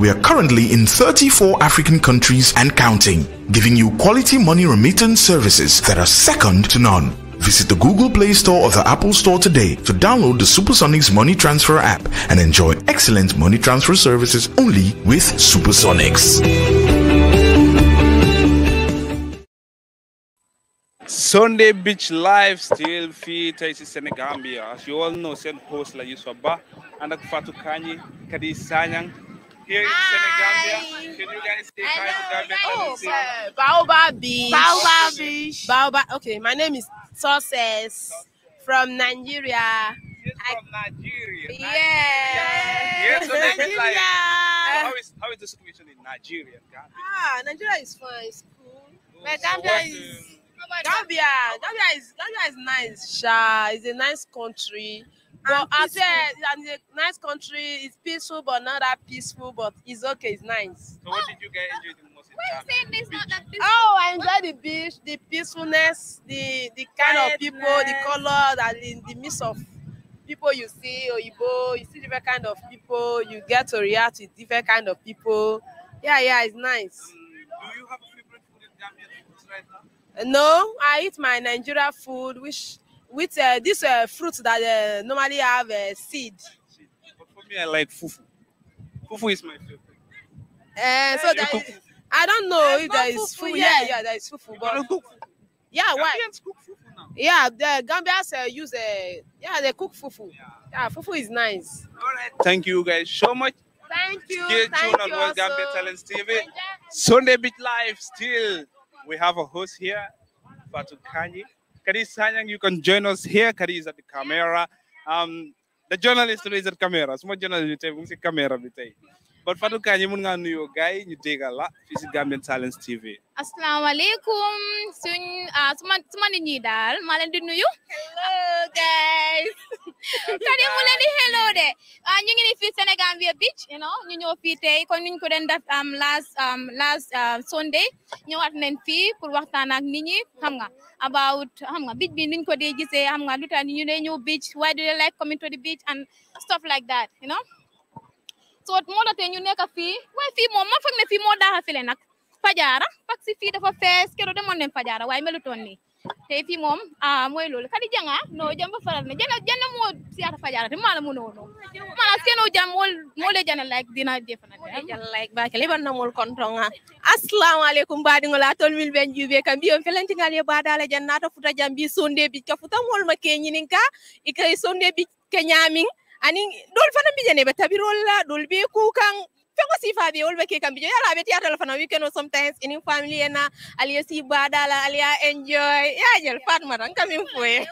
We are currently in 34 African countries and counting, giving you quality money remittance services that are second to none. Visit the Google Play Store or the Apple Store today to download the Supersonics Money Transfer app and enjoy excellent money transfer services only with Supersonics. Sunday Beach Live still fit is Senegambia. As you all know, send host la Yusuf Ba, Andak Fatou Kadi Sanyang, here hi. in Senegambia. Can you guys say hi to Gambia? Oh, uh, Baobab Baobab Baobab. Okay, my name is Sources from Nigeria. She's from Nigeria. Yeah. Nigeria. Yeah, so they like, how is, how is the situation in Nigeria? Gambia? Ah, Nigeria is fine. It's cool. Oh, but Gambia so is... Gambia, Gambia is Gambia is nice, Sha. It's a nice country. Well, I said, and nice country. It's peaceful, but not that peaceful. But it's okay. It's nice. So, what oh, did you get enjoy the most? you saying Not that peaceful. Oh, I enjoy the beach, the peacefulness, the the kind Quietness. of people, the color, and in the midst of people you see, or Igbo, you see different kind of people. You get to react to different kind of people. Yeah, yeah, it's nice. Um, do you have a favorite food in Gambia right now? No, I eat my Nigeria food, which with uh, this uh, fruit that uh, normally have uh, seed. But for me, I like fufu. Fufu is my favorite. Uh, so that is, I don't know There's if there is fufu. Yeah, yeah, there is fufu. But cook. yeah, Gambians why? cook fufu now. Yeah, the Gambians uh, use uh, yeah they cook fufu. Yeah. yeah, fufu is nice. All right, thank you guys so much. Thank you. Stay thank tuned you on West Gambia Talents TV. Sunday Beat Live. Still, we have a host here, Fatu Kanye. Kadi Sanyang, you can join us here. Kadi is at the camera. Um, the journalist is at camera. Small journalist, camera. But Fatou Kandji mën nga nuyo gaay ñu déggal la fi ci Gambian Talents TV. alaykum suñ ah, suma suma nit ñi dal ma leen di nuyu. hello guys. kadi mu leen di hello de ah, ñu ngi ni fii via beach you know ñu ñoo fi tey kon ñu ko den def am um, last um, last uh, Sunday wat nañ fi pour waxtaan ak nit ñi xam nga about xam nga beach bi niñ ko dee gisee xam nga lutani ñu beach why do you like coming to the beach and stuff like that you know sot moo la tee ñu nekk fii waaye fii moom man foog ne fii moo daaxa file nag fajaara parce dafa fees keroog demoon nañ ni te fi mom ah moy loolu kadi janga no jamba faral ne jena jena mo siata fajaara te mala mo no mala seno jam mol mol jana like dina defana de jangan like ba kale ban mol kontonga assalamu alaikum baadi la tol mil ben jube kam biyo felenti ngal ye baadala janna to futa jambi sonde bi ka futa mol ma ke nyininka ikay sonde bi ke ani dol fana bi jene be tabirol dol be ku kan fengo sifa be wolbe ke kan bi yala be tiata la fana weekend sometimes in family na ali si badala ali enjoy ya jel fatma ran kam in foye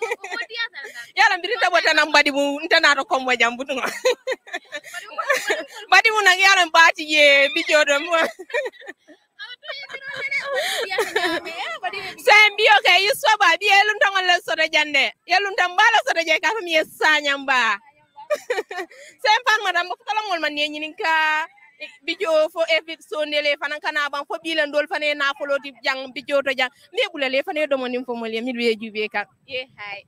yala bi ta bota nan mbadi mu ntana to kombo jambu tunga mbadi mu nan yala bati ye bi jodo mo sembio ke yuswa ba bi elun tongo le sodo jande elun tambala sodo je ka mi sanya mbaa sempan madam fo kala ngol man yenyinin ka bijo fo e sondele fanan kana ban fo bilan dol fane na folo di jang bijo to jang ne bulale fane do monim fo mol yemi be jube ka um, ye hay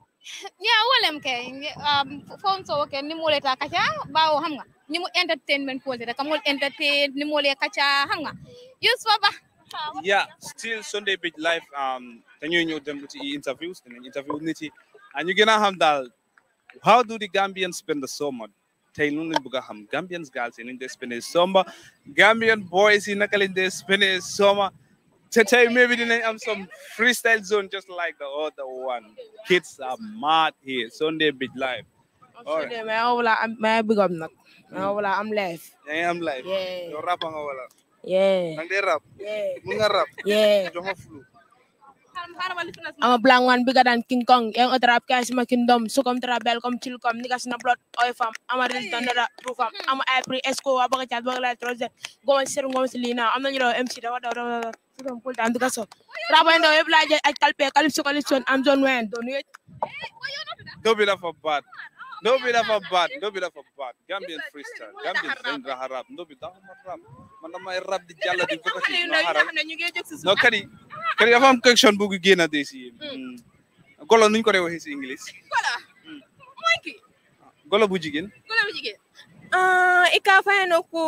ya wolem ke um fon ke ni mole ta kacha bawo xam nga ni mu entertainment pole rek amol entertain ni mole kacha xam nga yus baba yeah still sunday beach live um dañuy ñew dem ci interviews dañuy interview ah, ñu gëna xam dal How do the Gambians spend the summer? Taylor Bugaham, Gambians girls in the Spanish summer, Gambian boys in the Spanish summer. Today, maybe then i some freestyle zone just like the other one. Kids are mad here. Sunday big live. Sunday, may big up not. Mm. I'm live. Yeah, I'm live. Yeah. You're rap ang wala. Yeah. Nang rap. Yeah. Mga rap. Yeah. Jomo flu. ama blank one bigger than King Kong, young trap cash my kingdom, sukum trap belcom chilcom, na blood oil farm, ama rin tanara rufam, ama apri esco abaga chat bagla troze, go and serum gomes lina, am na nyoro MC da wada wada sukum pull down aj kalpe kalipso kalipso am zone wen, don't you? Don't be laugh no bi dafa baat no bi dafa baat Gambian freestyle Gambian dañ raxa rap no bi daxuma rap man damay rap di jàll di no kadi kadi dafa am question bu génn de si golo nuñ ko dee waxee golo mm. mooy ki golo bu jigéen golo bu jigéen ah, i ka fayano ko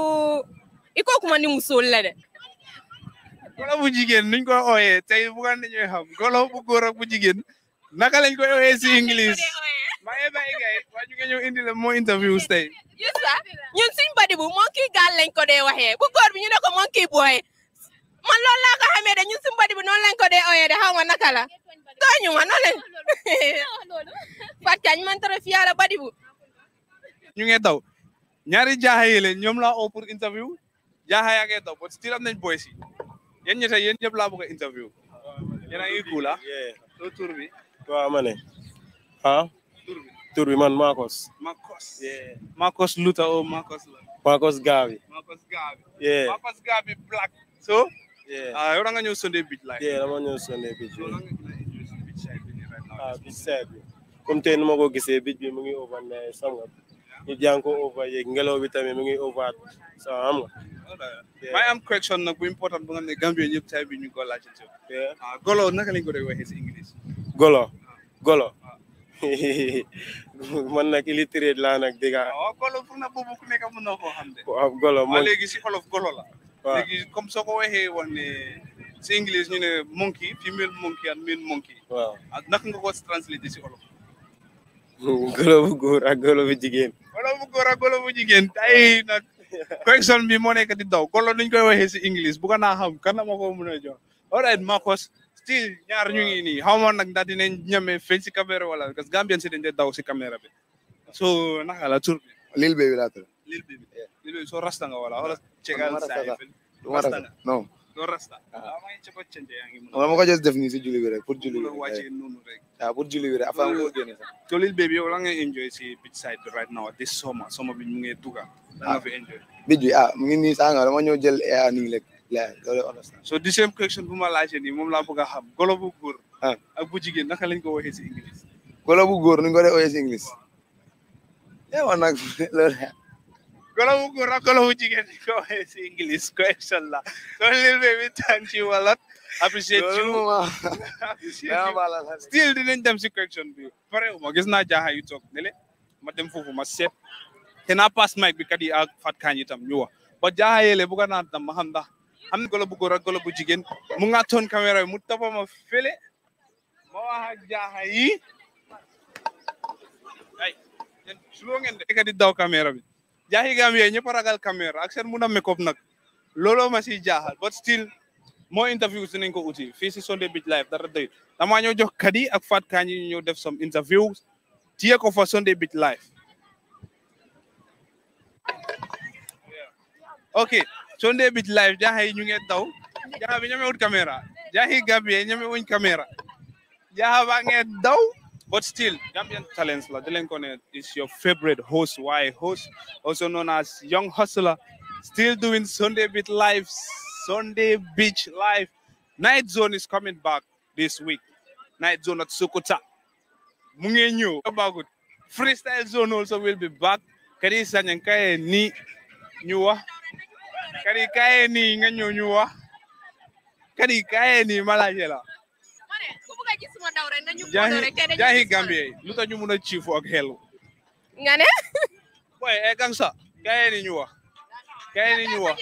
i ko kuma de golo bu nuñ ko ooyee tey bugan nañuy xam golo bu góor ak naka lañ koy ooyee si ba e bàyyi gay waa ñu ngi ñëw indi la moo interview tey Youssa ñun suñ badi bu monkey gaal lañ ko dee waxee bu góor bi ñu ne ko monkey boy man loolu laa ko xamee de ñun suñ badi bu noonu lañ ko dee ooyee de xaw ma naka la tooñu ma noonu lañ Fatou Kiagne man trop fiyaa la badi bu ñu ngi daw ñaari jaaxa yi leen ñoom laa oo pour interview jaaxa yaa ngi daw but still am nañ boy si yéen ñi tey yéen ñëpp laa bëgg a interview yéen a ngi guula loo tur bi waaw ma ne ah tur bi man Marcos. Marcos. Yeah. Marcos Luther or oh, Marcos. Marcos Garvey. Marcos Garvey. Yeah. Marcos Garvey black. So. Yeah. Ah, uh, nga ñëw Sunday beach like. Yeah, dama ñëw Sunday beach. So lang bi ah, Comme tey nu ko gisee beach bi mu ngi ova ne sam nga. Ñu jàng ko over yeeg ngelaw bi tamit mu ngi over so am nga. May am correction nag bu important bu nga ne Gambia ñëpp tay bi ñu ko laajte. Yeah. Ah, golo naka lañ ko doon waxee Golo. Ah. Golo. man nag illiterate laa nag dégg nga. waaw golo pour na bobu ko nek mun na koo xam de. waaw golo mooy ah. léegi si xolof golo la. waaw comme soko ko waxee woon ne si English ñu né monkey female monkey and male monkey. wa ah. ak naka nga ko translate ci xolof. golo bu góor ak golo bu jigéen. golo bu góor ak golo bu jigéen tey nag. question bi mo nek di daw golo nuñ koy waxee ci English bu ko na xam kan na mako mëna jox all right Marcos still ñaar ñu ngi ni xawma nak dal dina dinañ ñeme ci caméra wala parce que Gambien ci dañ daw ci caméra bi so naka la tour bi lil baby la tour lil baby lil baby so rasta nga wala wala ah, cegal saay rasta No. non do rasta ama ah. ah, ci ko cende ngi mun wala ko just def ni ci julli bi rek pour julli bi wacce nonu rek ah pour julli bi rek afa ko gene sax so lil baby yow la nga enjoy si beach side right now this summer summer bi ñu ngi tuga da nga fi enjoy bi ah mu ngi ni sa nga dama ñew jël air ni lek so the same question bu ma laajee nii moom laa bëgg xam golo bu góor ah. ak bu jigen naka lañ ko waxee ci english golo bu góor ni ko dee waxee english eh wana nag loolu golo bu góor ak golo bu jigen nuñ ko waxee ci english question la so little baby thank you a ah. lot appreciate you still dinañ dem ci question bi pare ma gis na jaaxa yu tok nele ma dem fofu ma seet te naa pass mic bi kat yi ak fatkaan itam ñu wa ba jaaxa yeele bëgg naa tam ma xam ndax am na golo bu góor ak golo bu jigen mu ngàttoon caméra mu topp ma ma wax ak jaaxa yi ay ngeen de ka di daw kamera. bi jaaxi gaam e, ye ñepp ragal caméra ak seen mu a mékop nak lolo ma ci but still mo interview su nañ ko outil fi ci Sunday bit Live dara doy Namanya ñoo jox kadi ak Fat Kanji ñu ñoo def some interviews. tiye ko fa Sunday bit Live Okay. Sunday Beach live jaaxay ñu ngeen daw jaaxa bi ñamewut caméra jaaxi Gambie ñamewuñ caméra jaaxa baa ngeen daw but still Gambian Talents la di leen ko ne is your favorite host why host also known as young hustler still doing Sunday Beach live Sunday Beach live night zone is coming back this week night zone at Sukuta mu ngeen ñëw baagut freestyle zone also will be back kadi sañan kaye ni ñu wax kadi ni nga ñëw ñu wax kadi kae ni malaje la jahi gambie lu tax ñu mën a ciifu ak xelu nga né boy e gang sa ni ñu wax ni ñu wax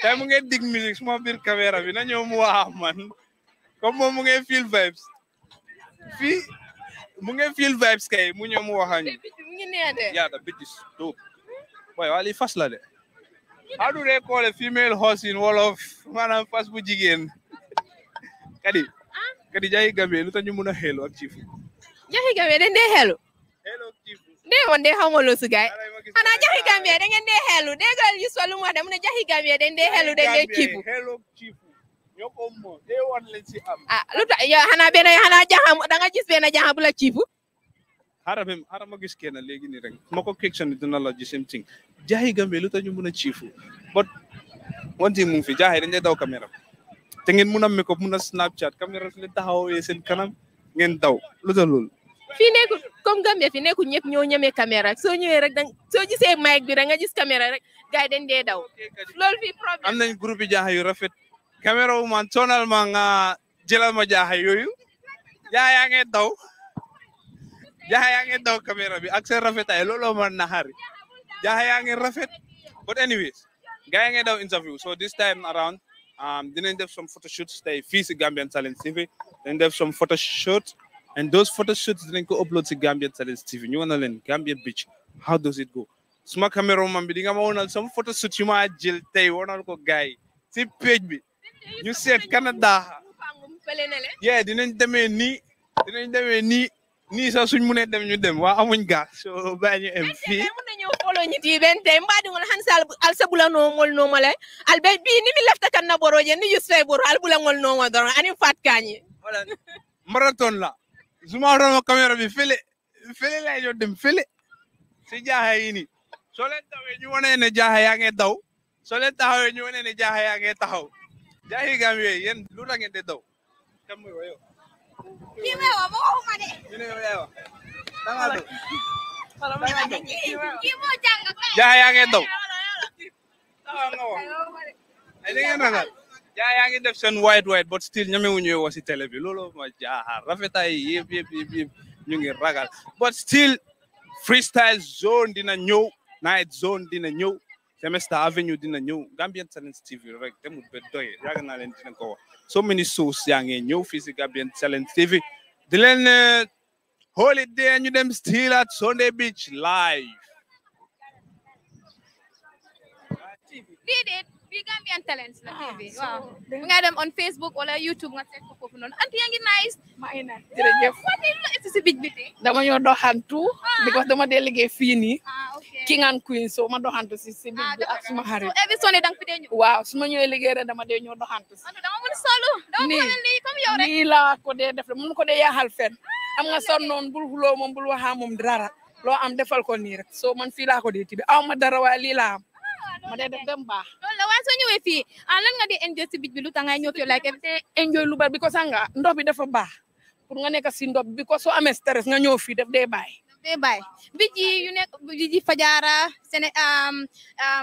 tay mu ngi dig musique suma bir caméra bi nañu mu wax man comme mo mu ngi feel vibes Fi. mu ngi feel vibes kay mu ñu mu waxañu mu ngi neex de yaa da bitis dope boy wali fas la de How do they call a female horse in Wolof mana pas bu jigéen kadi kadi jaay gambe lu tax ñu mën a xéelu ak ciifu jaxi gambe dañ dee xéelu xéelu ak ciifu dee woon dee xamoo loo su gaay xanaa jaxi gambe da ngeen dee xéelu déggal yu sol lu mu wax dem ne dañ dañ ak lañ am ah lu tax Hanabena xanaa benn xanaa jaxam da nga gis benn jaxam bu la ciifu xaaral ma gis kenn léegi nii rek dina la same thing jahi gambe lu tañu mëna chifu but one mu fi jahi dañ lay daw caméra té ngeen ko mëna snapchat caméra su leen taxawee sen kanam ngeen daw lu da lool fi nekul comme gambe fi nekul ñëpp ñoo ñemee caméra so rek dang so gisé mic bi da nga gis caméra rek gaay dañ dé daw lool fi problème am nañ groupe jahi yu rafet caméra wu man tonal ma nga jëlal ma jahi yoyu jaa ya ngee daw ya daw caméra bi ak seen rafetaay lolo ma rafet but anyways gaa ngi daw interview so this time around um dinañ have some photo shoots they fii si Gambian Talents TV they have some photo shoots, and those photo shoots dinañ ko upload to Gambian Talents TV wanna learn Gambian Beach how does it go suma cameraman bi di nga ma wonal sama photo shoot yu ma jël tey wonal go gaay See page bi You said Canada yeah dinañ Didn't they me nii nii sax suñ mënee dem ñu dem wa amuñ ga so bañu em fi fii mun ñu folo ñi ti ben tay te di ngol han al al sabula no mol no male al be bi ni mi lafta kan na boroje ni yu sey bor al bula ngol no ngol dor ani fat kañi wala marathon la zuma no camera bi fele fele lay ñu dem fele ci jaha yi ni so leen taw ñu wane ne jaha ya nge daw so leen taw ñu wane ne jaha ya nge taxaw jaaxi gam yooyu yéen lu la nge de daw tam kan yo wayo Kimeo, bohong mana? Kimeo. Tangan tu. Kimeo jangan. Jahayangin tu. Ini kan sangat. Jahayangin depan wide wide, but still nyamai unyu wasi televi. Lolo majah. Rafetai yep yep yep yep. Nyungi ragal. But still freestyle zone di na new, night zone di na new. Semester Avenue di na new. Gambian Talents TV. Rek, temu bedoy. Ragan alen di na kawa. so many shows yaa ngi ñëw physical being Gambian TV di leen holiday you them still at Sunday Beach live. bi Gambian Talents la ah, TV waaw dem on Facebook wala YouTube nga seet ko foofu noonu anti yaa ngi nice ma ay na jërëjëf si bij bi tey dama ñoo doxantu ah. because dama de liggéey fii nii ah, ki ngaan queen so ma doxantu si si bij bi ak suma xarit so every Sunday dang fi dee ñëw waaw su ma ñëwee liggéey rek dama dee ñoo doxantu si dama mun solu dama ko la ko dee def mun ko dee yaaxal fen am nga son noonu bul xuloo moom bul waxaa dara loo am defal ko nii rek so man fii laa ko dee tibi aw ma dara waaye lii ma dee def dem baax loolu la waaye ah lan nga di enjoy si bij bi lu ngay like te enjoy lu bari bi ko sanga ndox bi dafa baax pour nga nekk si ndox bi ko soo amee stress nga ñëw fii daf dee bàyyi dee bàyyi bij yi yu bij yi sene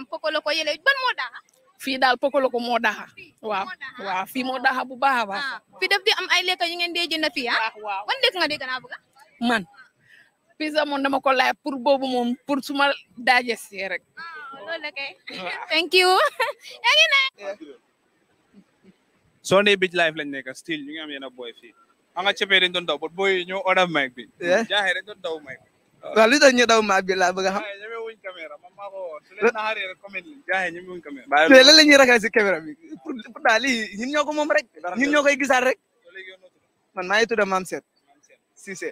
pokoloko yële ban moo daax fii daal pokoloko moo daxa waaw waaw fii moo daxa bu baax a ah, baax fii di am ay lekk yu ngeen dee jënd nga dee gën bëgg man pizza moom dama ko laaj pour boobu moom pour suma ya, rek ah, loolu la kay ah. thank you yaa ngi ne Sunday life lañ nekk still ñu ngi am yéen a booy fii xam nga cëppee dañ doon booy ñoo order mic bi jaaxee dañ doon daw mic daw mic bi laa bëgg a xam ñeme wuñ caméra man maa ko su leen naxaree rek comment li jaaxee ñeme wuñ caméra te lan la ñuy ragal si caméra bi pour pourtant lii ñoo ko moom rek ñun ñoo koy gisaat rek man maa ngi tudd Mame Sène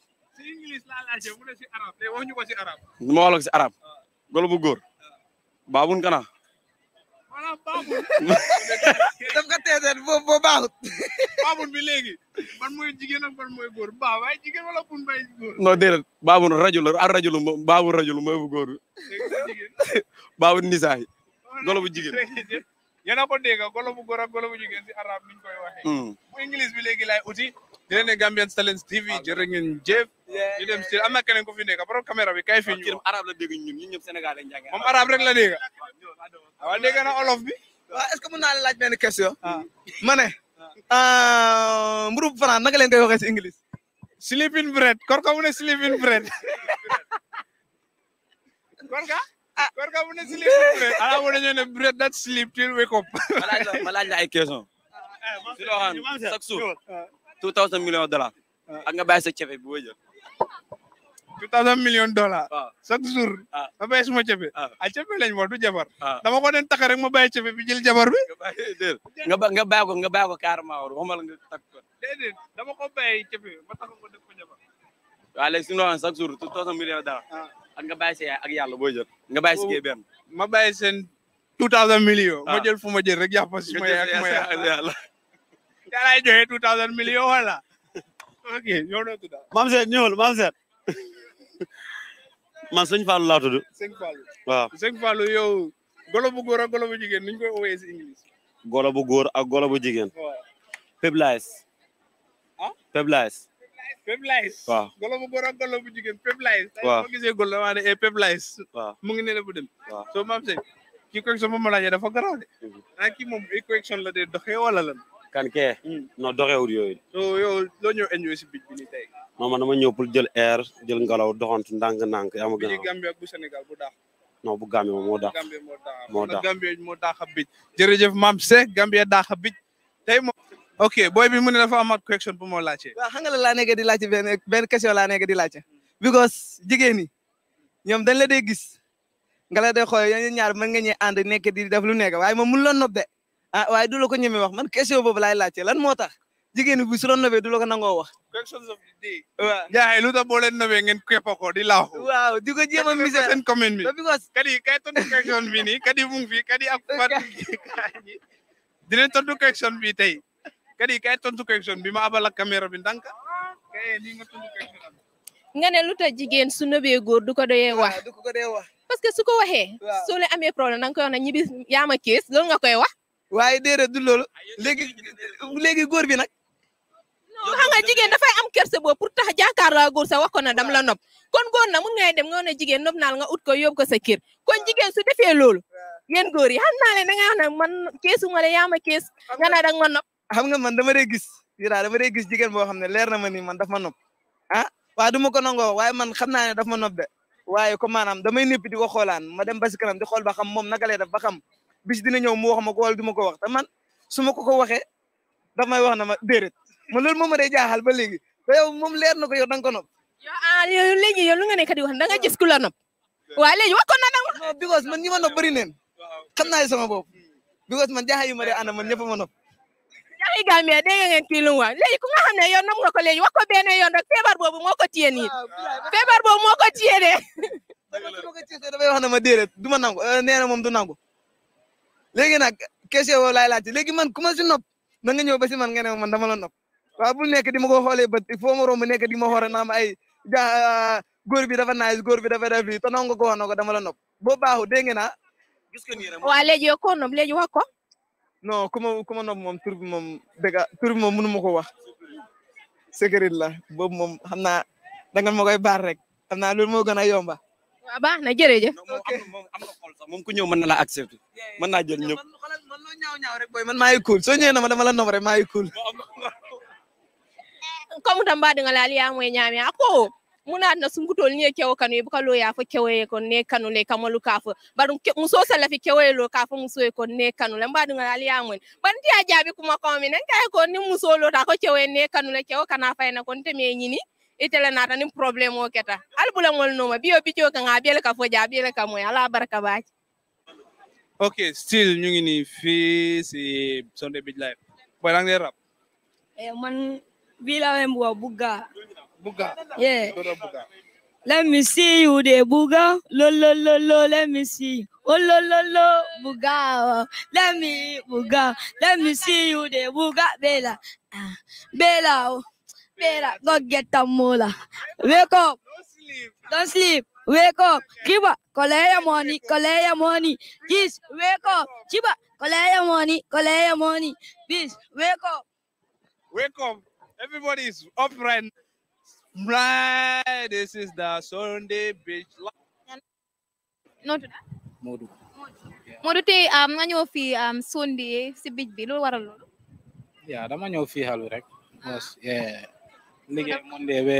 nu ma wax la ko si arab golo bu góor baabun kana daf ka teeteen boo boo baaxut baabun bi léegi ban mooy jigéen ak ban mooy góor baa waaye jigéen wala bun bay góor non déedéet baabun rajul ar rajulu baabun rajulu mooy bu góor baabun nisaay golo bu jigéen yéen a ko dégg si arab niñ koy waxee hmm. bu english bi léegi uti di Gambian Talents TV jërë Jeff. jëf ñu dem si am na keneen ku fi nekk borom bi kay fi ñu arab la dégg ñun ñun ñëpp Sénégal arab rek la dégg waaw dégg na olof bi waaw est-ce que mën naa la laaj benn question ma ne mburu France naka leen koy waxee si sleeping bread korka mu ne sleeping bread korka ah. korka mu ne sleeping bread ala mu ne ne bread that sleep till wake up ma laaj la ay question si loo xam two thousand million dollars ah. ak nga bàyyi sa cefe bi boo two thousand million dollars ah. chaque jour ma ah. bàyyi suma cefe a cefe lañ wax du jabar dama ko den takk rek ma bi jël jabar bi nga nga bàyyi ko nga ma takk ko def ko jabar waaw léegi suñu waxoon chaque jour two thousand million dollars ak nga bàyyi ak yàlla boo jël nga bàyyi si kii benn ma two thousand million ma jël fu ma jël ak ma ત્યારે જો 2000 મિલિયો હોલા okay જોડો તું મામ સેટ ñëwul મામ સેટ man sëñ Fallou laa tudd sëñ Fallou waaw sëñ yow golo bu góor ak golo bu jigéen niñ koy woowee si English golo bu góor ak golo bu jigéen Peblais ah Peblais Peblais waaw golo bu ak golo bu jigéen Peblais waaw boo gisee waa ne e Peblais bu dem waaw soo maam seet kii correction dafa garaaw de ah kii moom la de doxee wala lan kan ke? Hmm. non doxewul yooyu so yo lo ñëw ñëw si bij bi ni tey non man dama ñëw pour jël air jël ngelaw doxantu ndànk-ndànk ama gën a Gambie ak bu Sénégal bu daax non bu Gambie moo daax moo daax Gambie moo daax a bij jërëjëf maam Seck Gambie daax a bij tey ok boy bi mu ne dafa amaat question bu moo laajte waaw xam nga la laa nekk di laajte benn benn question laa nekk di laajte because jigéen ñi ñoom dañ la dee gis nga la dee xool ñaar mën nga ñee ànd nekk di def lu nekk waaye moom mun loon nopp ah waaye du la ko ñeme wax man question boobu laay laajte lan moo tax jigéen bi su doon nobee du la ko nangoo wax. questions of the day. waaw Ndiaye boo leen nobee ngeen képp ko di laaw. waaw di ko jéem a misère seen commune bi. kadi kay tontu question bi nii kadi mu ngi fi kadi ak fan. dinañ tontu question bi tey kadi kay tontu question bi ma abal ak caméra bi ndànk kay ni nga tontu lu tax jigéen su nobee góor du ko doyee wax. du ko doyee wax. parce que su ko waxee. waaw soo leen amee koy wax. waaye déedéet du loolu ah, léegi léegi góor bi nag. non xam nga dafay am kerse boobu pour tax jàkkaarloo góor sa wax ko na dam la nopp kon góor na mun ngay dem nga ne jigéen nopp naal nga ut ko yóbbu ko sa kër kon jigéen su defee lool yéen góor yi xam naa leen da nga xam man keesu ma la yaa ma kees nga ne da nga ma xam nga man dama dee gis yira dama dee gis jigéen boo xam ne leer na ma ni man daf ma nopp ah waaye du ma ko nangoo waaye man xam naa ne daf ma nopp de waaye comme maanaam damay népp di ko xoolaan ma dem ba si kanam xool ba xam moom naka lay ba xam bis dina ñëw mu wax ma ko wala du ma ko wax taman man su ma ko ko waxee daf may wax na ma déedéet man loolu moo ma day jaaxal ba léegi te moom leer na ko yow da ko nopp. Ah, yow a yow legi yow lu nga nekk di wax da nga gis ku la nopp waaye léegi wax ko na nag. non because man ñi ma nopp bëri neen xam naa sama bopp because man jaaxal yu ma dee ànd man ñëpp ma nopp. jaaxi Gambia dégg ngeen kii lu mu wax léegi ku nga xam ne yow legi nga ko léegi wax ko benn yoon rek feebar boobu moo ko téye nii feebar boobu moo ko téye de. dama ko téye dafay wax na ma déedéet du ma nangu euh, nee na moom du nangu léegi nag question boobu laay laajte léegi man ku ma si nopp na ñëw ba si man nga ne man dama la nopp waaw bul nekk di ma ko xoolee bët il faut ma nekk di ma xool naam ay ja ah, góor bi dafa naaj góor bi dafa def lii te nangu ko wax na ko dama la nopp boo baaxul dégg nga naa. gis nga nii waa léegi yow koo nopp léegi wax ko. non ku ma ku ma nopp moom tur bi moom dëgg tur bi moom mënu ma ko wax. secret la boobu moom xam naa danga ma koy baar rek xam naa loolu moo gën a yomba. waaw baax na jërëjëf. moom ku ñëw mën na laa accepté mën naa jël ñëpp. man loo ñaaw ñaaw rek booy man maa cool soo ñëwee na ma dama la nob rek maa ngi cool. comme tan baɗi ngalali yamoye ñaami a ko munatna sunkutol ni e kewo kanu e buka loya fo kewoye kon ne kanule kamalu kafo baɗum muso sallafi kewoye lo kafo musoye kon ne kanule mbaɗi ngalali yamoen banti a jaabi kuma kawmi nen kaye ko ni musolo ta ko kewoye ne kanule kewo kana fayna kon temi e ñini itele nata ni problem o keta bula ngol noma biyo bijo kan abiyele ka foja abiyele ka moy ala baraka ba ok still ñu ngi ni fi si Sunday Beach Live boy lang rap eh man bi la wem bo buga buga yeah Let me see you de buga Lo, lo, lo, lo, let me see. Oh, lo, lo, lo, buga Let me, buga Let me see you de buga Bella. Ah, Bella. Oh. better. Go get a mola. Wake up. Don't sleep. Wake up. Kiba, collect your money, collect your money. Please, wake up. Chiba, collect your money, collect your money. Please, wake up. Wake up. Everybody is up right now. Right. This is the Sunday Beach. No to that. Modu. Modu tey am um, nga ñëw fii um Sunday si beach bi loolu waral Yeah, dama ñëw fii xalu rek. Yes, yeah. liggéey Monday we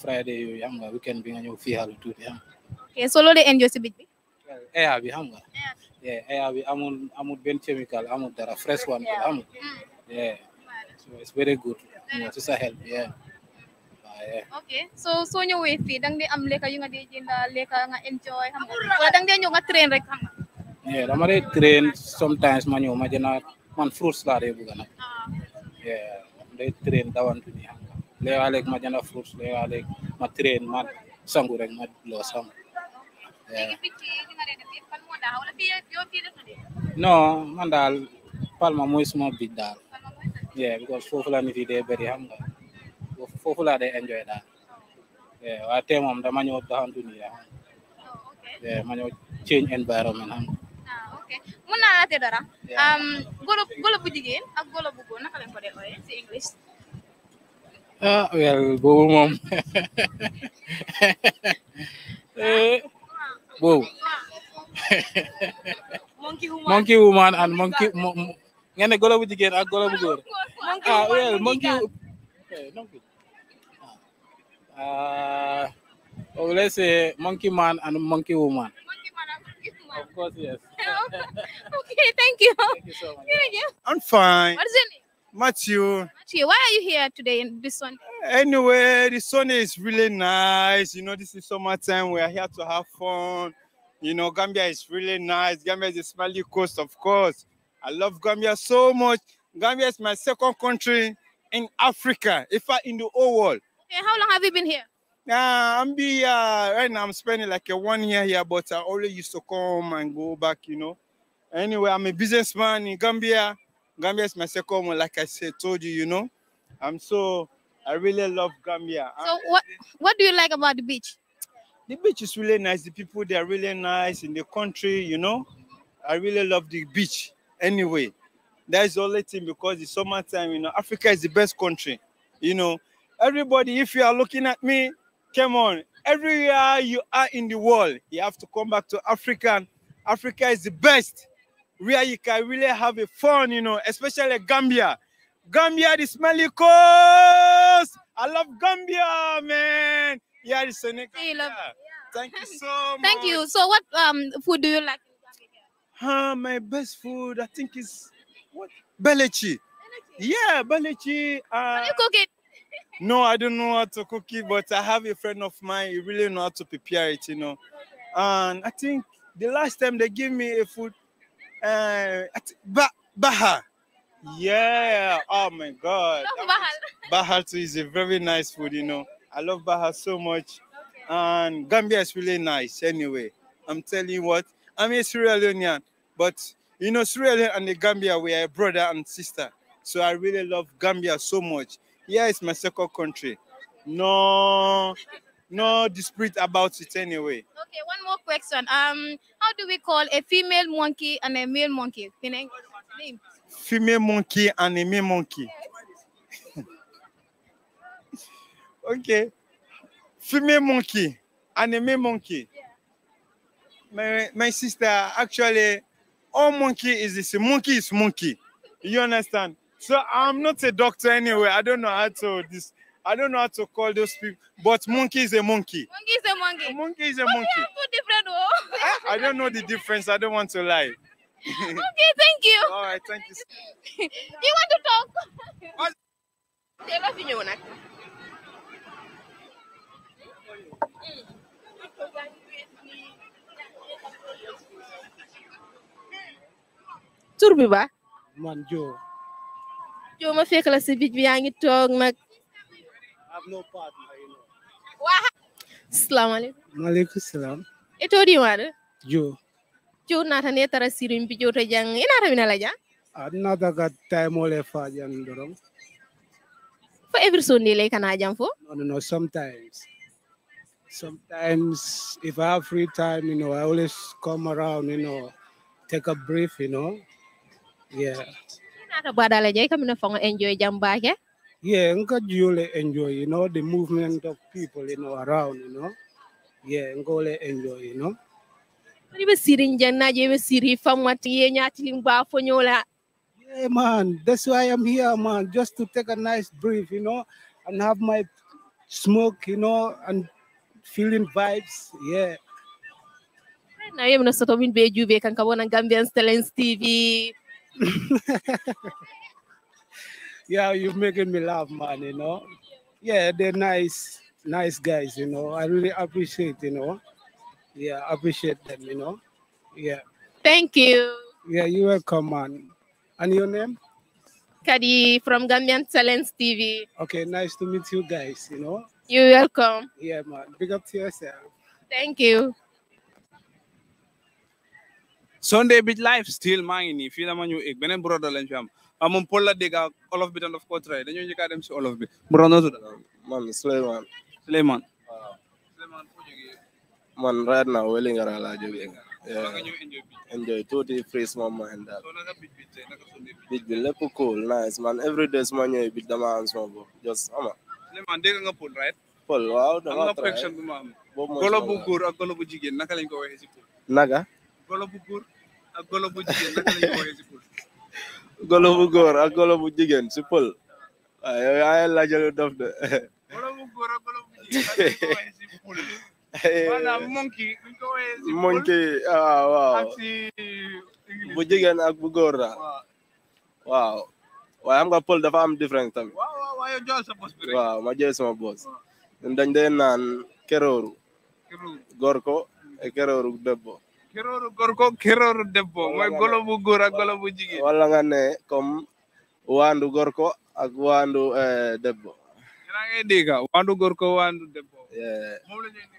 Friday yooyu ya xam nga weekend bi nga ñëw fii xaalu tuuti xam nga. ok soo enjoy si bij eh, bi. ya, bi xam nga. ya, eh, bi amul amul benn chemical amul dara fresh one bi xam nga. so it's very good. si ya, sa help, yeah. Ya. ok so so ñëwee fii da nga di am lekka yu nga di jënd lekka nga enjoy xam nga wala da di ñëw nga train rek xam nga. yeah dama dee train sometimes ma ñëw ma jënd man fruits laa dee bëgg nag. yeah day train dawantu nii xam lewa lek ma janda fruit lewa lek ma train ma sangu rek ma lo sangu no man daal palma mooy suma bij daal yeah because foofu la nit yi dee bëri xam nga kan. foofu laa dee enjoy daal yeah waaye oh. ya, tey moom dama ñëw doxantu nii rek oh, yeah ma ñëw change environment xam nga mun naa laajte dara ya. um, golo golo bu jigéen ak golo bu góor naka lañ ko dee ooyee si English Uh, well, go mom. Eh, monkey woman. and monkey. Mo, mo, ngene gola bu jigen ak gola bu gor. Ah, well, monkey. Okay, monkey. Uh, oh, let's say monkey man and monkey woman. Of course, yes. okay, thank you. Thank you so much. I'm fine. it Matthew. Matthew, why are you here today in this one? Anyway, the sun is really nice. You know, this is summertime. We are here to have fun. You know, Gambia is really nice. Gambia is a smiling coast, of course. I love Gambia so much. Gambia is my second country in Africa, if I in the whole world. Okay, how long have you been here? Nah, I'm be uh, right now. I'm spending like a one year here, but I always used to come and go back, you know. Anyway, I'm a businessman in Gambia. Gambia is my second home, like I said, told you, you know. I'm so, I really love Gambia. So what, what do you like about the beach? The beach is really nice. The people, they are really nice in the country, you know. I really love the beach anyway. That's the only thing because it's summertime, you know, Africa is the best country. You know, everybody, if you are looking at me, come on. Everywhere you are in the world, you have to come back to Africa. Africa is the best where you can really have a fun, you know, especially Gambia. Gambia, the smelly coast. I love Gambia, man. Yeah, the Senegal. Hey, love Thank you so much. Thank you. So, what um food do you like? Huh, my best food, I think, is what belechi. Yeah, belechi. Uh, Can you cook it? no, I don't know how to cook it, but I have a friend of mine. He really know how to prepare it, you know. And I think the last time they gave me a food uh, ba- baha, Yeah. Oh my God. baha too is a very nice food, you know. I love baha so much. Okay. And Gambia is really nice anyway. I'm telling you what, I'm a Sierra Leonean, but you know, Sierra Leone and the Gambia, we are brother and sister. So I really love Gambia so much. Here is my second country. No, no dispute about it anyway. Okay, one more question. Um, how do we call a female monkey and a male monkey? Name? Female monkey and a male monkey. Yes. okay, female monkey and a male monkey. Yeah. My my sister actually, all monkey is this monkey is monkey. You understand? So I'm not a doctor anyway. I don't know how to this I don't know how to call those people, but monkey is a monkey. Monkey is a monkey. A monkey is a monkey. monkey. Two different I, ah, I don't know the difference. I don't want to lie. okay, thank you. All right, thank you. you want to talk? What? tur bi ba man joo joo ma fekk la si bij bi yaa ngi toog nag have no partner, you know. Wow. Assalamu alaikum. Malaikum salam. di mana? Jo. Jo nata ne tara sirim bi jota jang ina ta mina laja? Anna daga time ole fa jang dorong. For every eh, Sunday like kan ajang fo? No no no sometimes. Sometimes if I have free time, you know, I always come around, you know, take a brief, you know. Yeah. Nata badala jay kamina fongo enjoy jang ba ya. yeah, Nka Julie enjoy, you know, the movement of people, you know, around, you know. Yeah, Ngole enjoy, you know. Nibe siri njana jebe siri famwati ye nyati limba fonyola. Yeah, man, that's why I'm here, man, just to take a nice breath, you know, and have my smoke, you know, and feeling vibes, yeah. Na yeye mnasoto mimi beju be kankabona Gambian Talents TV. yeah, you're making me laugh, man, you know. Yeah, they're nice, nice guys, you know. I really appreciate, you know. Yeah, appreciate them, you know. Yeah. Thank you. Yeah, you're welcome, man. And your name? Kadi from Gambian Talents TV. Okay, nice to meet you guys, you know. You're welcome. Yeah, man. Big up to yourself. Thank you. Sunday Beach life still mine. Fii you, ma ñëw ak beneen brother lañ you am Ah, moom Paul la dégg ah, olof bi tam daf koo traité dañoo njëkk a dem si olof bi mu doon noo tudd. man Souleymane. Souleymane. waaw Souleymane foo jógee. enjoy tuuti free suma mind daal. bij bi lépp nice man every day suma ñëwee bij dama suma bopp just ama. Souleymane dégg nga Paul right. Paul waaw dama traité am bu ma am. golo bu jigéen naka lañ ko waxee si Paul. naga. golo bu góor ak golo golo bu góor ak golo bu jigéen si pël waaw yow yaa ngi de. bu jigéen monki monki waaw waaw bu ak bu góor la waaw. waaye xam dafa am différence tamit. waaw ma jël sama bos. dañ dee naan kerooru. gorko e kerooru debbo kerooru gorko kerooru debbo mooy golo bu góor ak golo bu jigéen wala nga ne comme waandu gorko ak waandu debbo ina ngi dégg waandu gorko waandu debbo moom la ñuy ne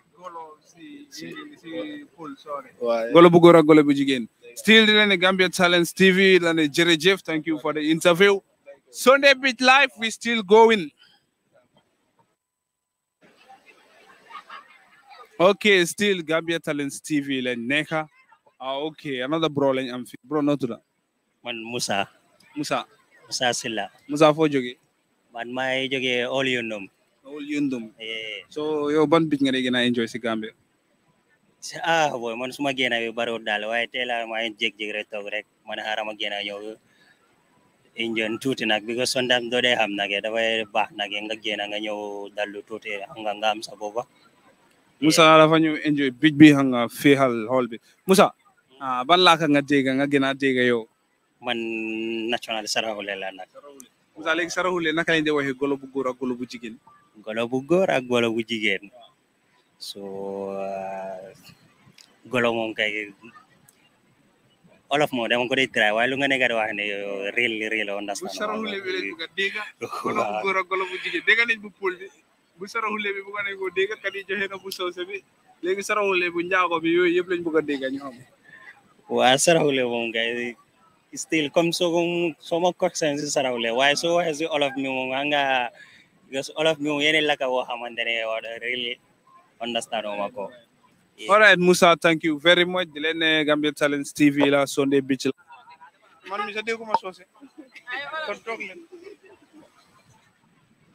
golo bu góor bu jigéen still di la ne Gambia Talents TV la ne thank you for the interview Sunday Beach Live we still going Okay, still Gambia Talents TV lañ neka, Ah, okay, another bro lañ am fi. Bro, noo tudd? Man Musa. Musa. Musa Silla. Musa foo jógee? Man maay jógee all Yundum. Old Yundum. So yo ban bit nga dee gën a enjoy si Gambia? ah boy man suma génn bi bariwul daal waaye tey laa ma jégjég rek toog rek man xaaral ma génn ñëw injon tuuti nag bi ko sondam doo dee xam nag ba baax nag nga génn nga ñëw dallu tuuti nga nga am sa booba. Musa dafa ñu enjoy bij bi xam nga hall xool bi Musa ah ban ka nga dégg nga dégg man national Sarawule la nak Musa léegi Sarawule nak lañ di waxe golo bu ak golo bu jigen golo bu ak golo bu jigen so ah, golo mom kay olof mo, dama ko dey try way lu nga nekk di wax ne real real understand. Sarawule bi lañ dégg golo bu ak golo bu jigen dégg nañ bu pool bi. bu saraxule bi bëgg nañ ko dégg kat yi joxe na bu sawse bi léegi saraxule bu njaago bi yooyu yëpp lañ bëgg a dégg ñu xam waa saraxule moom kay still comme soo ko soo ma coxsan si saraxule waaye soo waxee olof mi moom xam olof mi moom yeneen laka boo xamante ne really understand oma ko all Musa thank you very much di leen ne Gambia la Sunday Beach la man mi sa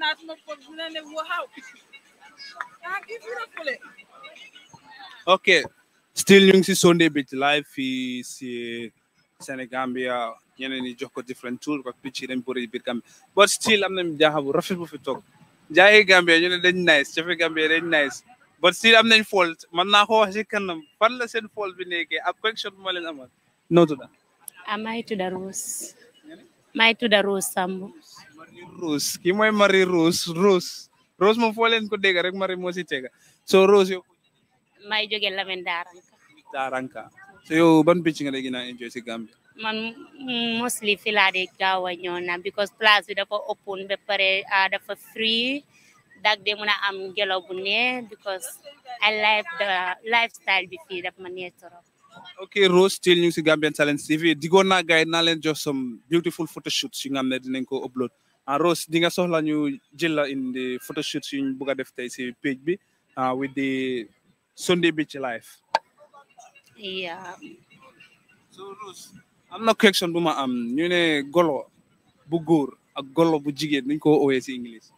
naa suma ne ah, ok still ñu ngi si Sunday Beach live fii si Senegambia ñeneen ñi jox ko different tour parce que picc yi dañ bëri biir Gambia but still am nañ jaaxa bu rafet bu fi toog jaayi Gambia ñu ne dañ nice cafe Gambia dañ nice but still am nañ fault man naa ko wax si kanam fan la seen fault bi nekkee ab question bu ma leen amal noo tudda a ah, maay tudda Rose maay Rose Sambu Rus ki moy mari Rus Rus Rus mo fo len ko dégg rek mari mo si tega so Rus yo. may joge lamen Daranka. Daranka so yo ban picc nga legina enjoy si Gambia. man mm, mostly fi la de gawa ñona na because place bi dafa open be pare dafa free dag de muna am gelo bu ne because I like the lifestyle bi fi dafa ma toro. ok Rose Till ñu si Gambian talent TV Digo na gars yi some beautiful photoshoots yung amne xam ne upload. And Rose dinga nga soxla ñu jël la in the photo shoots yu ñu bugg def tey si page bi uh, with the Sunday Beach Life. yeah. so Rose am na question bu ma am ñu ne golo bu góor ak golo bu jigéen nuñ ko owee si English.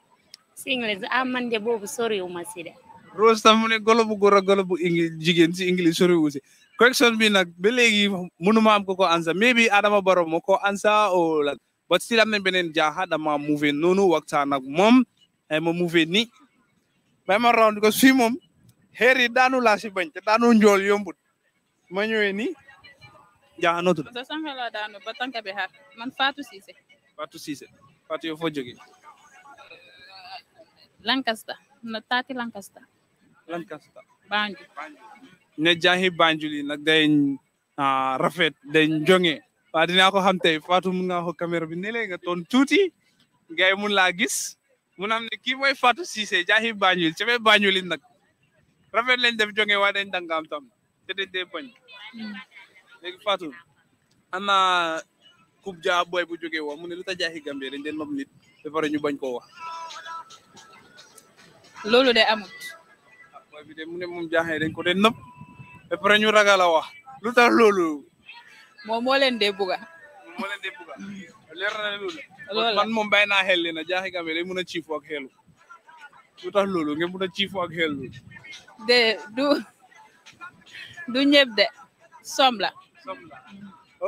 si English ah man de boobu soriwuma si de. Rose tam mu ne golo bu góor ak golo bu English jigéen si English soriwu si question bi nag ba léegi mënuma am ko ko answer maybe Adama Barrow moo ko answer o but still amen benen jaha dama move nonu wakta nak mom e mo move ni ma round ko fi mom heri danu la si bañ te danu ndol yombut ma ñewé ni jaha notu sa sam la danu ba tanka be har man fatou cissé fatou cissé fatou yo fo jogi lancaster na tati lancaster lancaster banjul ne jahi banjuli nak day uh, rafet day jonge wa dina ko xam tey Fatou mun nga ko caméra bi nele nga ton touti ngay e mun la gis mun am ne ki moy e Fatou Cissé jahi Banjul ci fee Banjul nak rafet lañ def wa dañ dangam tam te de de bañ legi hmm. Fatou ana coupe ja boy bu jogé wa mun ne luta jahi gambé dañ den mom nit ñu e bañ ko wax lolu de amut ah, boy bi de mun ne mom jaaxee dañ ko deen nopp ba ñu ragala wax luta lolu moom moo leen buga mo moo leen buga leer na ne loolu man moom bàyyi naa xel na jaaxi game day ak xelu lu tax loolu nga mën a ciifu ak helu de du du ñëpp de som la som la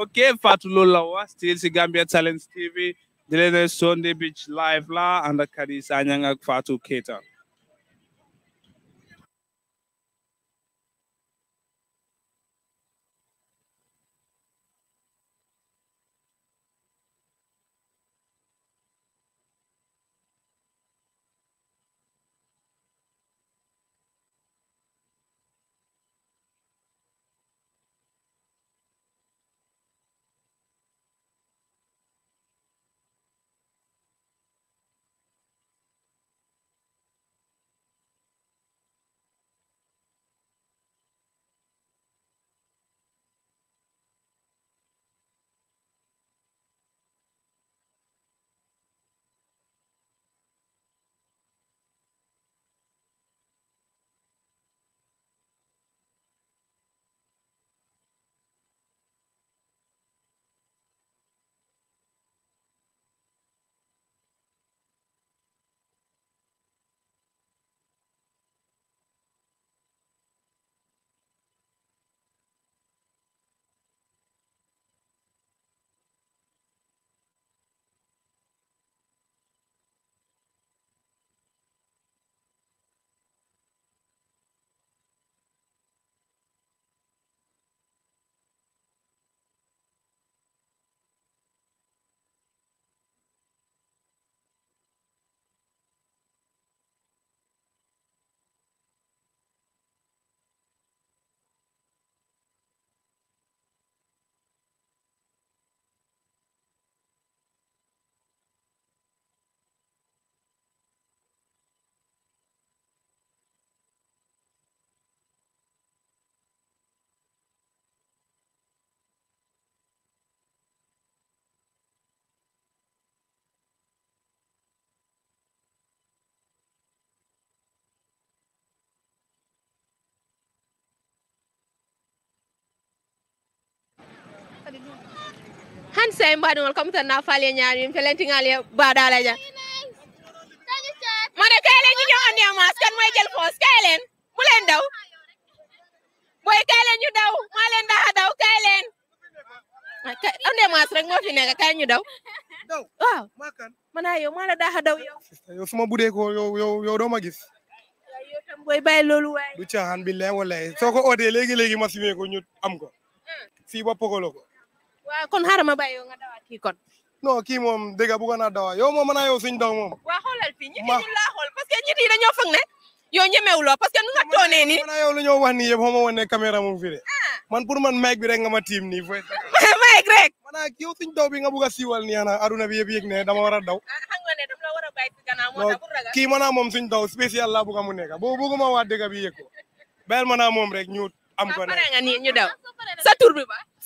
ok fatu loolu la wax still si Gambia Talents TV di leen Sunday Beach live la ànd ak Kadi Sanyang ak fatu keta hansa mbadi ngol kam tan na faale nyaari mi felenti ngale badala ja mane kay leen ñu ñëw andi amas kan mooy jël foos kay leen daw boy kay leen daw maa leen daw kay leen ah, andi amas rek moo fi nekk kay daw waaw man a yow maa la daa daw yow suma budee ko yow doo ma boy bàyyi loolu waay du caaxaan bi lay wallaay soo ko ootee léegi léegi ma simee ko ñu am ko mm. fii ko waa kon xaaral baa bàyyi yow nga kon. non kii moom dégg nga naa dawaa yow moom mën naa yow suñu daw moom. waaw xoolal fii ñi ñu laa xool parce que ñit yi dañoo foog parce que nu nga toonee nii. mën naa yow lu ñu wax nii fi de. Ah. man pour man mic bi rek nga ma tiim nii fooy. mic rek. maanaam ah, yow suñu daw bi nga bëgg a siiwal nii ana aduna bi yëpp yëg ne dama war a daw. Ah, xam nga ne dama la war a bàyyi si gannaaw moo tax pour ragal. kii moom suñu daw spécial laa bëgg a mu nekk waa dëgg bi yëg ko bayal moom rek ñu a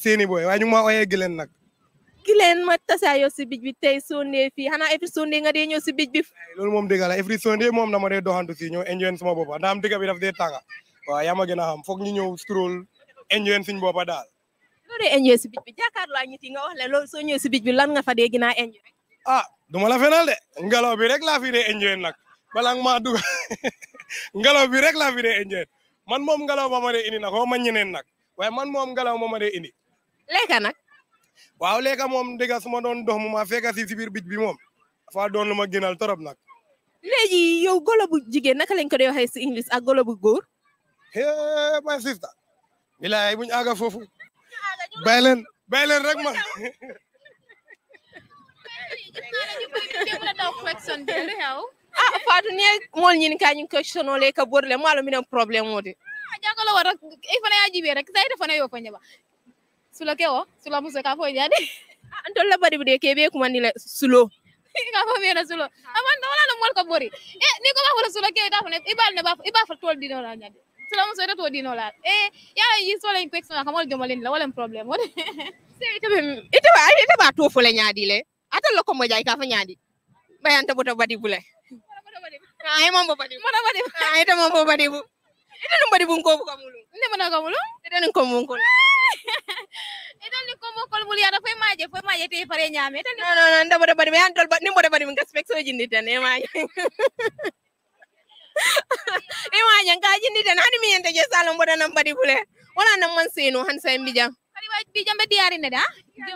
seeni boy waaye ñu ngi maa ooyee gileen nag gileen ma tasaayoo bij bi tay sonné eh, fi xana every Sunday nga dee ñëw bij bi mom la every Sunday mom dama dé doxantu ci ñëw enjoy sama boppa ndax am dëkk bi daf dé tanga wa yaa ma gën xam fokk ñu ñëw stroll enjoy suñ boppa daal loo dé enjoy ci bij bi jàkkaarloo la nga wax le loolu so ñëw ci bij bi lan nga fa dé gina enjoy ah duma la fénal dé ngalo bi rek la fi dee enjoy nag balaa ma dug ngalo bi rek la fi dé enjoy man mom ngelaw ba ma dé ini nak ho ma ñeneen nak waye man mom ngelaw ma ma dé ini léegi nag. waaw léegi moom dëgg su ma doon dox mu ma fekk si biir bij bi moom dafa doon lu ma gënal torop nag. léegi yow golo bu jigéen naka lañ ko dee waxee si English ag golo bu góor. hee ma sista. bilaay buñ aaga foofu. bay leen bay leen rek ma. ah Fatou ne mool ñin ka ñu questionné ka borle malo minen problème ode ah, jagalo wara ifana ya jibe rek sai da yo ba sulo kewo sulo musa muso k'a fɔ ɲani an tolla bari bude ke be kuma ni la sulo k'a fɔ na sulo aman do wala no mol ko bori e ni ko ma wala sulo kewo ta fone i bal ne ba i ba fa tol dino la sulo musa ta to dino la e ya yi sulo in pexo ka mol jomalen la wala problem wala se ite be ite ba ite ba to fole ɲadi le atal lo ko mo jay k'a fɔ ɲadi bayan ta boto badi bule ay mambo badi mo badi ay ta mambo badi bu ite no badi bu ko bu mulu ne mana mulu ite no ko mulu idan ni komo kol mul yada foy maje foy maje te pare nyame no no no ndabo de bari yan tol ni mbo de bari ngas jindi tan e maje e jindi tan hani mi yente je salon mbo nan bule wala nan man seno han say mbijam bari be diyari ne da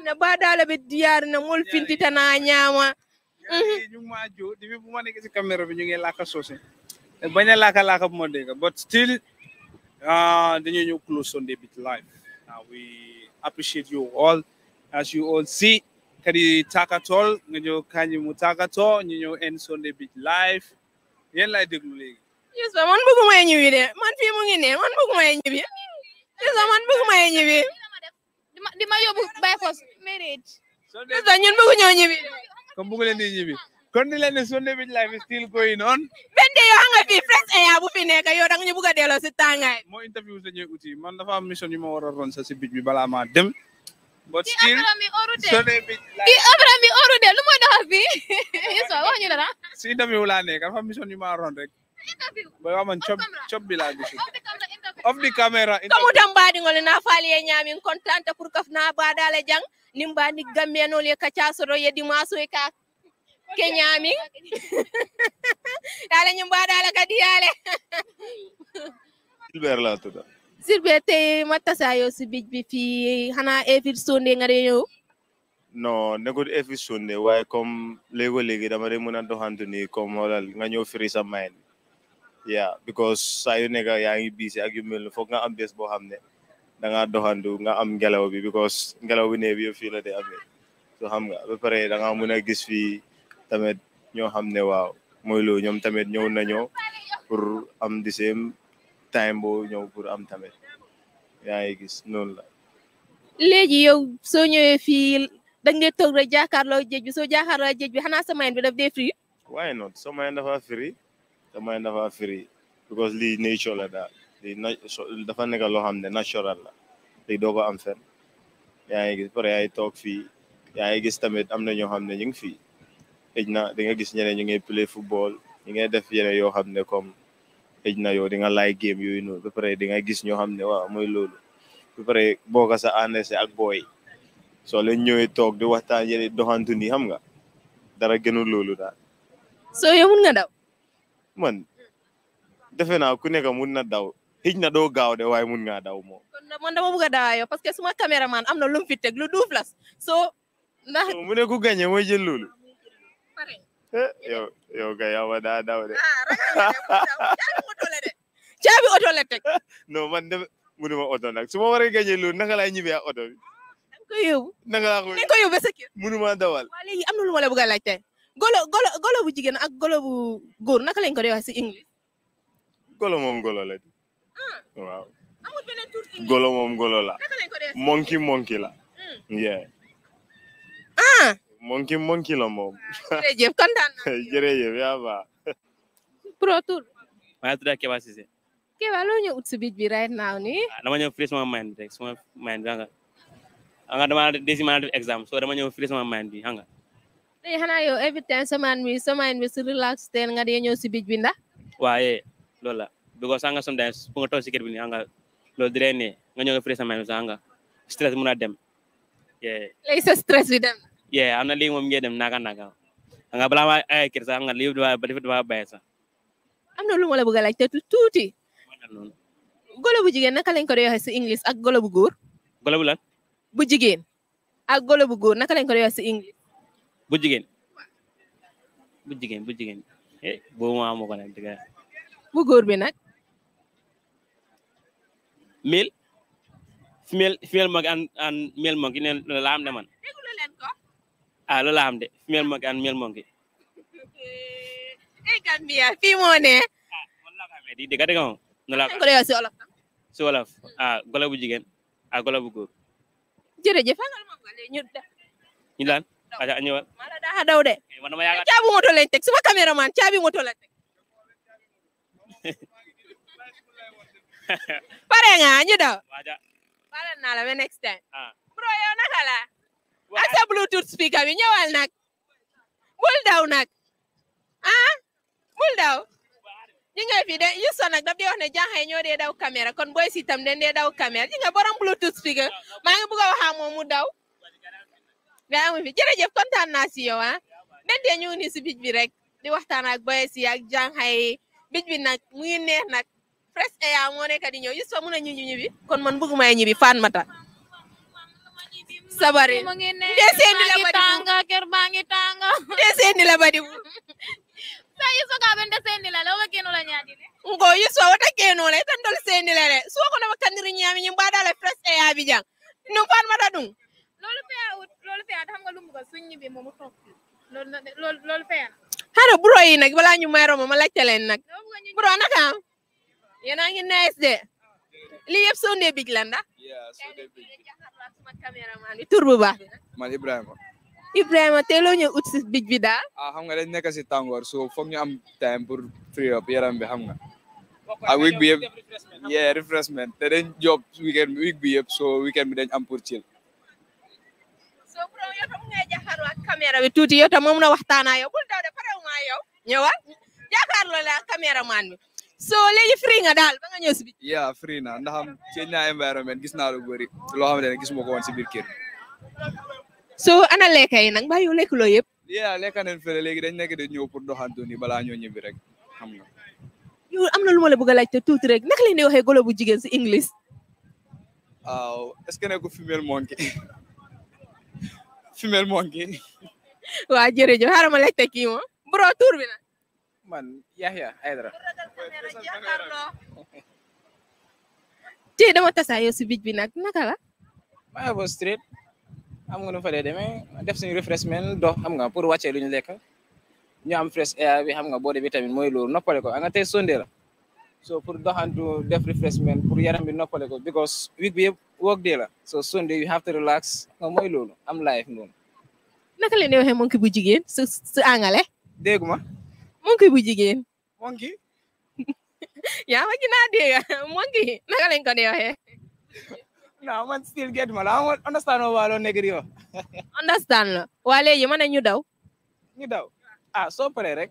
na ba dala be diyari na mul finti tan a nyama ñu mhm. ma jo di bi bu ma nekk ci laka a laka laka bu ma but still ah, dañuy close on debit live Uh, we appreciate you all. As you all see, kadi takatol nga ñëw kañi mu takato ñu ñëw en Sunday Beach live yéen lay déglu léegi. Yusufa man bëgguma yee ñibbi de man fi mu ne man bëgguma yee ñibbi Yusufa man bëgguma yee ñibbi. dima yóbbu by force marriage. Yes, ñun bëggu ñoo ñibbi. comme bëggu leen di ñibbi. Continue Sunday with life is still going on. Ben de yow nga fi fresh air bu fi nekk yow da nga ñu bëgg a delloo si tàngaay. interview sa ñuy uti man dafa am mission yu ma war ron sa si bij bi balaa maa dem. but still Sunday with life. kii abra mi oru de lu ma dox fi. Yusuf wax ñu dara. si interview laa nekk dafa am mission yu ma ron rek. ba yow man cop cop bi laa gisul. off the camera. kamu dambaɗi ngol na faali e ñaamin contante pour kaf na baadale jang nimbaani gambenol e kacasoɗo e dimaso e kaka keñamin ɗale ñum mbaɗala kadi yaale silbert la tuda silbert te si bij bi fi hana efir sonde ngare yo non nekut efir sonde waaye comme léego léegi dama de mën a doxantu ni comme nga ñëw firi sa mind yeah because saa yu nekk yaa ngi biisi ak yu mel ni foog nga am bés boo xam ne da ngaa nga am ngelaw bi because ngelaw bi ne bi yëpp de amee so xam nga ba pare da mën a gis fii tamit ñoo xam ne waaw mooy loolu ñoom tamit ñëw nañoo pour am di same time boo ñëw pour am tamit yaa ngi gis noonu la. léegi yow soo ñëwee fii da ngay toog rek jàkkaarloo géej bi soo jàkkaarloo géej bi xanaa sama yéen bi daf dee free. why not sama yéen dafa free sama yéen dafa free because lii nature la daal lii dafa nekk loo xam ne natural la lii doo ko am fenn yaa ngi gis pare yaay toog fii yaa ngi gis tamit am na ñoo xam ne ñu ngi fii. xëj na di nga gis ñeneen ñu ngay play football ñu ngay def yeneen yoo xam ne comme xëj na yow di nga laay game yooyu noonu ba pare di nga gis ñoo xam ne waaw mooy loolu ba pare boo ko sa àndese ak booy soo leen ñëwee toog di waxtaan yéen doxantu nii xam nga dara gënul loolu daal. soo yow mun daw. man defe naa ku nekk mun na daw xëj na doo gaaw de waaye mun ngaa daw moom. man dama bëgg a daawaa suma caméraman am na lu mu lu duuf las soo. ndax ku gagné mooy jël loolu. pa rin. Eh, yow iya kan? yow kay yow ma daa daw de. ah ragal caabi oto la teg. non man de munuma oto nag su ma waree gañe loolu naka laa ñibbi oto bi. da nga koy yóbbu. naka laa koy da nga koy yóbbu sa kër. munuma dawal. waa léegi am na lu ma golo golo golo bu jigéen ak golo bu góor naka lañ ko di wax si anglais. golo moom golo la. Ah. waaw. amul beneen tur golo moom golo la. monkey monkey la. Hmm. ah monkey monkey la mom jërëjëf kan dan jërëjëf ya ba. pro tour. maa ngi tudd Keba Cissé. Keba loo ñëw ut bi right now ni dama ah, ñëw free sama mind rek sama mind bi ya ah, nga xam nga dama desi maa def exam so dama ñëw free sama mind bi xam nga. léegi yo yow every time sama mind bi sama mind bi relax teel nga dee ñëw si bi ndax. waaye eh, loolu la because xam nga sometimes fu nga toog si bi nii nga loolu di rey ne nga free sama mind bi angga nga stress mun dem. yeah sa stress bi dem. yeah am na léegi moom ngeen dem naka naka xam nga balaa maa ay kër sax xam nga lii dafa dafa bàyyi sax. am na lu ma la bëgg a jigéen naka lañ ko doon waxee si English ak golo bu góor. golo bu lan. jigéen ak golo bu góor naka lañ ko doon waxee si English. bu jigéen. bu jigéen eh boobu maa amoo ko nag dëgg bu góor bi nag. male female female monkey and and man. ah loolu laa de female monkey and male monkey. eh Gambia fii moo ne. ah man laa ko di dëgg dëgg moom. noonu laa ko xamee si wolof. si wolof ah golo bu jigéen ah fangal ah, moom nga ñu def. ñu daan aca ñëwal. maa la daa daw de. man dama yaakaar caabi moto nga ñu daw. waaja. baal naa la next time. ah bro yow naka ak sa bluetooth speaker bi ñëwal nag bul daw nag ah bul daw ñi nga fi de yu so nag daf dee wax ne jaaxay ñoo dee daw caméra kon boy si tam den dee daw caméra ñi nga borom bluetooth speaker maa ngi bëgg a wax ak moom mu daw gaa amu fi jërëjëf si yow ah dentee ñu ngi si bij bi rek di waxtaan ak boy si ak jaaxay bij bi nag mu ngi neex nag fresh air moo nekk di ñëw yu so mun a ñibbi ñibbi kon man bëgguma ñibbi fan mata sabari mu ngi ne tanga ker bangi tanga ndesendi la badibu sa yuso ka la lawa ngo yuso wata keno la tan dol sendi la re so ko na kandiri nyaami nyim bada la fresh e abidjan no fan mata dum lolu pe lolu yi nag balaa ñu may romb ma laajte leen nag buro naka yéen a ngi nice de lii yëpp Sunday Beach sama caméraman bi tur bu baax bi nag man Ibrahima Ibrahima teeloo ñëw ut si bij bi daal ah xam nga dañ nekk si tàngoor so foog ñu am time pour free up yaram bi xam nga ak ah, week bi yeah refreshment te dañ job weekend bi week bi yëpp so weekend bi dañ am pour chill so bro yow ya, tam ngay jaxaroo ak caméra bi tuuti yow tam moom na waxtaanaa ya. yow bul daw de parewumaa yow ñëwal jaakaarloo la caméraman bi so léegi free daal ba nga ñëw yaa free na ndax am change environment gis naa lu bëri loo xamante ne gis moo ko woon si biir kër so ana lekka yi nag mbaa yow lekkuloo yëpp yaa lekka neen fële léegi dañ nekk di ñëw pour doxantu ni bala ñoo ñibbi rek xam nga yow lu ma la bëgg laajte tuuti rek naka leen di waxee golo bu jigéen si english waaw est-ce que ne ko female monkey female monkey waa jërëjëf xaaral ma laajte kii moom bi man Yahya Aidara tey dama tasaayoo si bij bi nag naka la maa ngi street am nga fa dee demee def suñu refreshment dox am nga pour wàccee lu ñu lekk ñu am fresh air bi xam nga boo dee vitamine mooy loolu noppale ko a nga tey sondee la so pour doxantu def refreshment pour yaram bi noppale ko because week bi la so Sunday you have to relax nga mooy loolu am life noonu naka la ne waxee moom ki bu jigéen su monki bu jigéen monki yaa ma na dégg monki naka lañ ko dee waxee non man still get ma understand walo negri o understand la waa léegi ma ñu daw ñu daw ah soo pare rek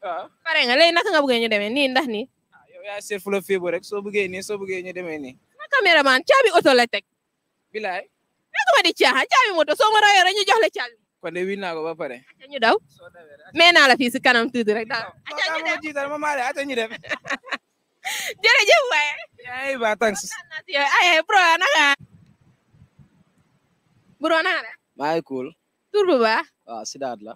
waaw ah. ah. pare nga léegi naka nga bëggee ñu demee nii ndax nii ah, yow yaa seet fu la rek soo bëggee nii soo bëggee ñu demee nii ma caméraman caabi oto la teg bilaay naka di caabi moto soo ma royee ñu jox la caabi kon de naa ko ba pare. ñu daw mais naa la fii si kanam tuuti rek daal. ñu dem jiital ma maa leen ñu dem. jërëjëf ay ba thanks. ay bro maa ngi cool. tur bu baax. sidaad la.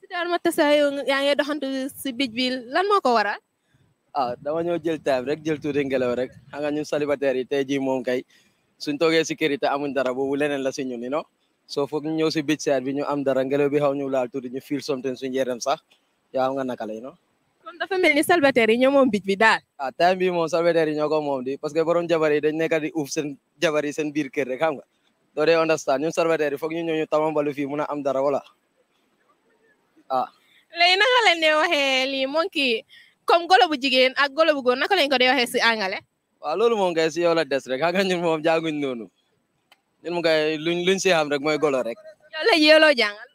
Sidaat ma tasa yow yaa ngi doxantu si bij bi lan moo ko waral. ah dama ñëw jël taab rek jël tuuti ngelaw rek xam nga ñun célibataire yi tey moom kay suñ toogee si kër yi te amuñ dara boobu leneen la si ñun so foog ñu ñew si beach side bi ñu am dara ngelew bi xaw ñu laal tuuti ñu feel something suñu yaram sax ya nga nakalé no kon dafa melni salvateur yi ñoo mom beach bi daal ah bi mom salvateur yi ñoko mom di parce que borom jabar yi dañ nekk di uuf sen jabar yi sen biir kër rek xam nga do dee understand ñun salvateur yi foog ñu ñew ñu tamambalu am dara wala ah léegi naka lañ ne waxee kom monki comme golo bu jigen ak golo bu gor naka ko dee waxee ci angale wa lolu moom ngay ci yow la dess rek ha nga ñun mom jaaguñ nonu ñun mu kay luñ luñ si rek mooy golo rek. yow léegi yow loo jàngal.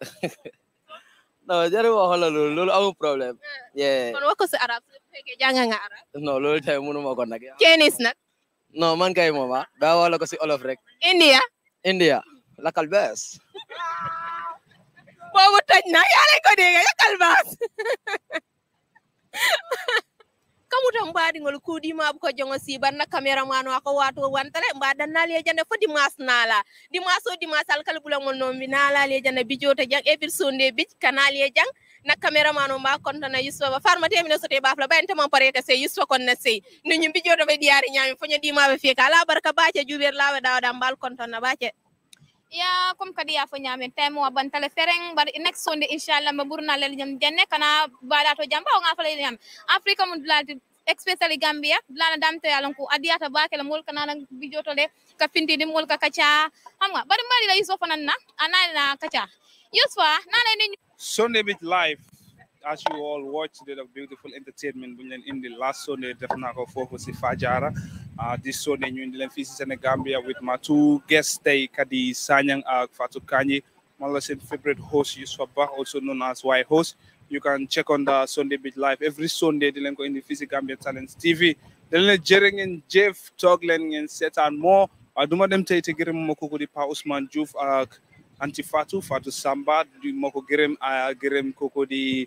non jërëjëf waxoon la loolu loolu amul problème. Eh, kon wax arab su fekkee jàng nga arab. non loolu tey mënu ma nag. Chinese man kay moom ah, daa wax la olof rek. India. India lakal bees. boobu toj na yaa lañ ko dégg lakal baas. kamuta mbaɗigol kuuɗima ko a sibanna caméraman wako wato wantale mbaɗanna lejande fo dimas naala dimas o dimas alkala ɓulagol noon mi naala lejande bijota jang e birsonde bij kanalie jang na caméraman o mba contana yusufa ba farmate mine sote bafla ɓayantaman pareke se yusufa konna sey no ñum bijoto ɓe ɗiyari ñami foño ɗimaɓe fiika ala barka baace juuɓer lawe ɗawaɗa mbal contana baace ya kom kadi yafo ñamen temo abantale fereng bar next sonde inshallah ma burna lel jam jenne kana bada to jamba o ngafale ñam afrika mun dulati especially gambia dulana damte yalon ko adiyata bakela mol kana nan bijoto le ka pindi ni mol ka kacha hamga bar mari la yusofa nan na anana kacha yusfa nana ni sonde bit live as you all watch the beautiful entertainment bu in leen last Sunday Definitely for ko foofu ah, this Sunday ñu indi leen and si Gambia with my two guests tey Kadi Sanyang ak Fatou Kanyi man favorite host Yusufa, Bah also known as Y host you can check on the Sunday Beat Live every Sunday di leen in the fii Gambia Talents TV da are in ngeen Jeff toog and set and more. duma dem tey te gërëm ma kooku di Pa Ousmane Juf anti Samba di girem ko gërëm ah, gërëm di